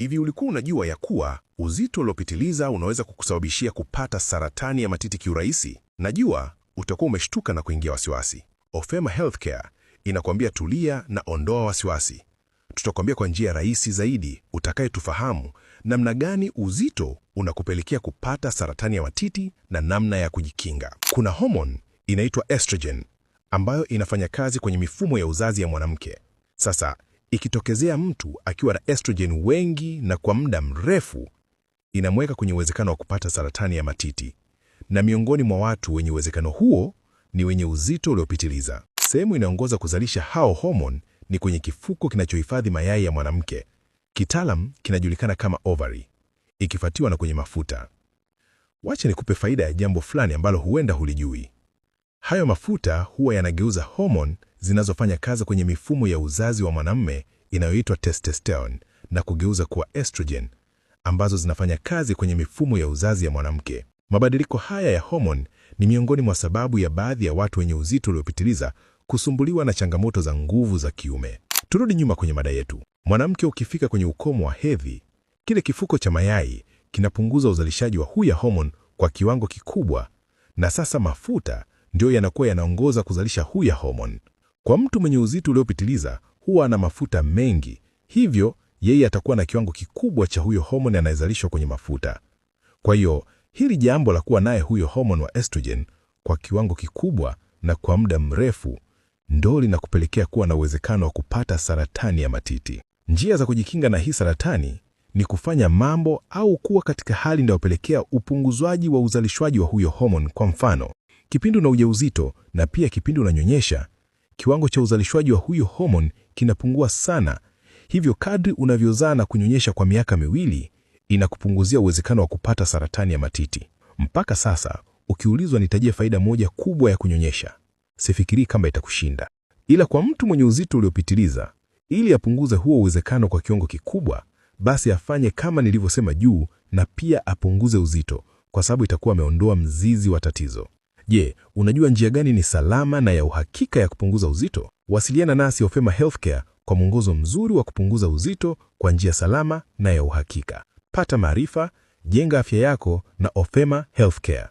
Hivi ulikuwa unajua ya kuwa uzito uliopitiliza unaweza kukusababishia kupata saratani ya matiti kiurahisi? Najua utakuwa umeshtuka na kuingia wasiwasi. Ofema Healthcare inakwambia tulia na ondoa wasiwasi. Tutakwambia kwa njia rahisi zaidi utakayetufahamu namna gani uzito unakupelekea kupata saratani ya matiti na namna ya kujikinga. Kuna homoni inaitwa estrogen ambayo inafanya kazi kwenye mifumo ya uzazi ya mwanamke. Sasa Ikitokezea mtu akiwa na estrogen wengi na kwa muda mrefu, inamweka kwenye uwezekano wa kupata saratani ya matiti, na miongoni mwa watu wenye uwezekano huo ni wenye uzito uliopitiliza. Sehemu inaongoza kuzalisha hao hormone ni kwenye kifuko kinachohifadhi mayai ya mwanamke, kitaalam kinajulikana kama ovary, ikifuatiwa na kwenye mafuta. Wacha nikupe faida ya jambo fulani ambalo huenda hulijui. Hayo mafuta huwa yanageuza hormone zinazofanya kazi kwenye mifumo ya uzazi wa mwanamume inayoitwa testosterone na kugeuza kuwa estrogen ambazo zinafanya kazi kwenye mifumo ya uzazi ya mwanamke. Mabadiliko haya ya homoni ni miongoni mwa sababu ya baadhi ya watu wenye uzito uliopitiliza kusumbuliwa na changamoto za nguvu za kiume. Turudi nyuma kwenye mada yetu. Mwanamke ukifika kwenye ukomo wa hedhi, kile kifuko cha mayai kinapunguza uzalishaji wa huya homoni kwa kiwango kikubwa, na sasa mafuta ndio yanakuwa yanaongoza kuzalisha huya homoni. Kwa mtu mwenye uzito uliopitiliza huwa ana mafuta mengi, hivyo yeye atakuwa na kiwango kikubwa cha huyo homoni anayezalishwa kwenye mafuta. Kwa hiyo hili jambo la kuwa naye huyo homoni wa estrogen kwa kiwango kikubwa na kwa muda mrefu ndo linakupelekea kuwa na uwezekano wa kupata saratani ya matiti. Njia za kujikinga na hii saratani ni kufanya mambo au kuwa katika hali inayopelekea upunguzwaji wa uzalishwaji wa huyo homoni. Kwa mfano, kipindi una ujauzito na pia kipindi unanyonyesha, kiwango cha uzalishwaji wa huyo homoni kinapungua sana. Hivyo kadri unavyozaa na kunyonyesha kwa miaka miwili inakupunguzia uwezekano wa kupata saratani ya matiti. Mpaka sasa ukiulizwa nitajie faida moja kubwa ya kunyonyesha, sifikirii kama itakushinda. Ila kwa mtu mwenye uzito uliopitiliza, ili apunguze huo uwezekano kwa kiwango kikubwa, basi afanye kama nilivyosema juu, na pia apunguze uzito, kwa sababu itakuwa ameondoa mzizi wa tatizo. Je, unajua njia gani ni salama na ya uhakika ya kupunguza uzito? Wasiliana nasi Ofema Healthcare kwa mwongozo mzuri wa kupunguza uzito kwa njia salama na ya uhakika. Pata maarifa, jenga afya yako na Ofema Healthcare.